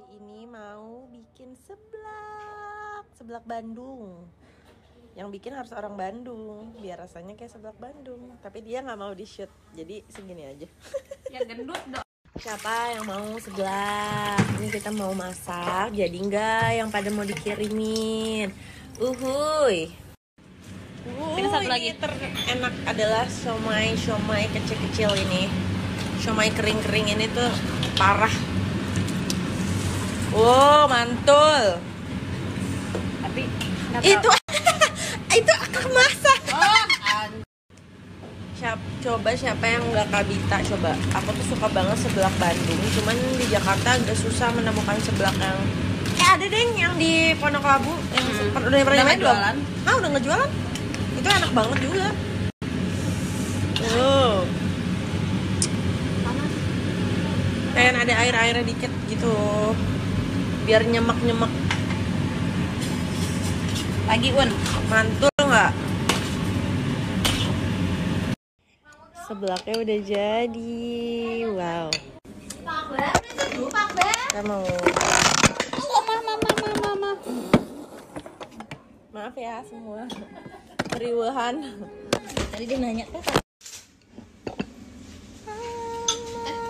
hari ini mau bikin seblak seblak Bandung yang bikin harus orang Bandung biar rasanya kayak seblak Bandung tapi dia nggak mau di shoot jadi segini aja ya gendut dong siapa yang mau seblak ini kita mau masak jadi enggak yang pada mau dikirimin uhuy ini satu lagi. terenak adalah somai somai kecil-kecil ini somai kering-kering ini tuh parah Oh, mantul. Tapi itu itu akak masak. Oh, siapa, coba siapa yang nggak kabita coba. Aku tuh suka banget seblak Bandung, cuman di Jakarta agak susah menemukan seblak yang eh ada deh yang di Pondok Labu yang hmm. per, udah pernah jualan. Ah udah ngejualan? Itu enak banget juga. Oh. Panas. ada air-airnya dikit gitu biar nyemek-nyemek lagi un mantul nggak sebelaknya udah jadi wow kita mau maaf ya semua riuhan tadi dia nanya kakak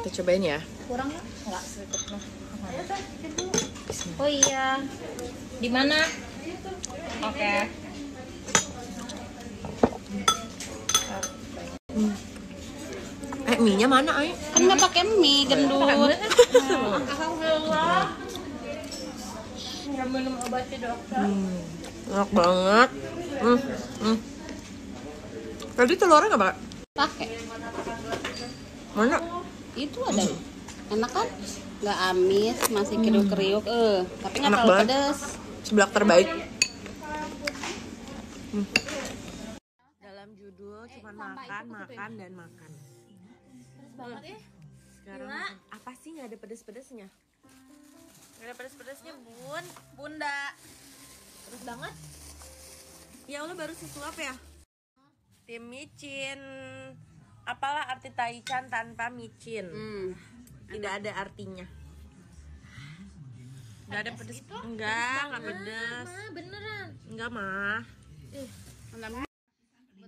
Kita cobain ya. Kurang nggak? Nggak sedikit Oh iya. Di mana? Oke. Okay. Eh, mie-nya mana, Ay? Kan nggak pakai mie gendut. Alhamdulillah. Nggak minum obatnya dokter. Hmm. Enak banget. Hmm. Hmm. Tadi telurnya nggak pakai? Pakai. Mana? itu ada hmm. enak kan nggak amis masih kriuk kriuk hmm. eh tapi nggak terlalu banget. pedes seblak terbaik hmm. dalam judul eh, cuma makan makan dan makan banget ya sekarang Gila. apa sih nggak ada pedes-pedesnya nggak ada pedes-pedesnya bun bunda terus banget ya allah baru sesuap ya tim micin apalah arti taichan tanpa micin hmm, tidak ada artinya nggak ada pedes itu? enggak nggak pedes ma, beneran enggak mah eh.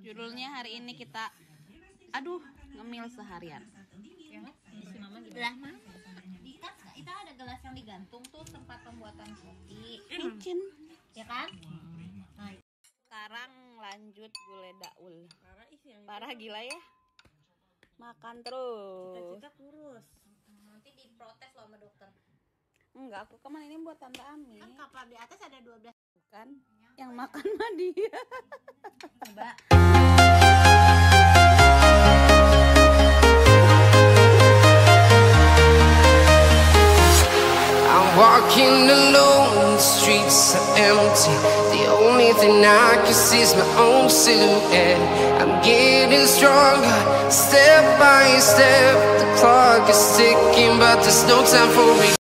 judulnya hari ini kita aduh ngemil seharian lah mah kita ada gelas yang digantung tuh tempat pembuatan kopi eh, micin ya kan sekarang lanjut gule daul parah, parah gila ya makan terus cita-cita kurus hmm, nanti diprotes loh sama dokter enggak aku kemarin ini buat tante Ami kan kapal di atas ada 12 bukan iya, yang makan ya? mah dia coba empty. The only thing I can see is my own silhouette. I'm getting stronger, step by step. The clock is ticking, but there's no time for me.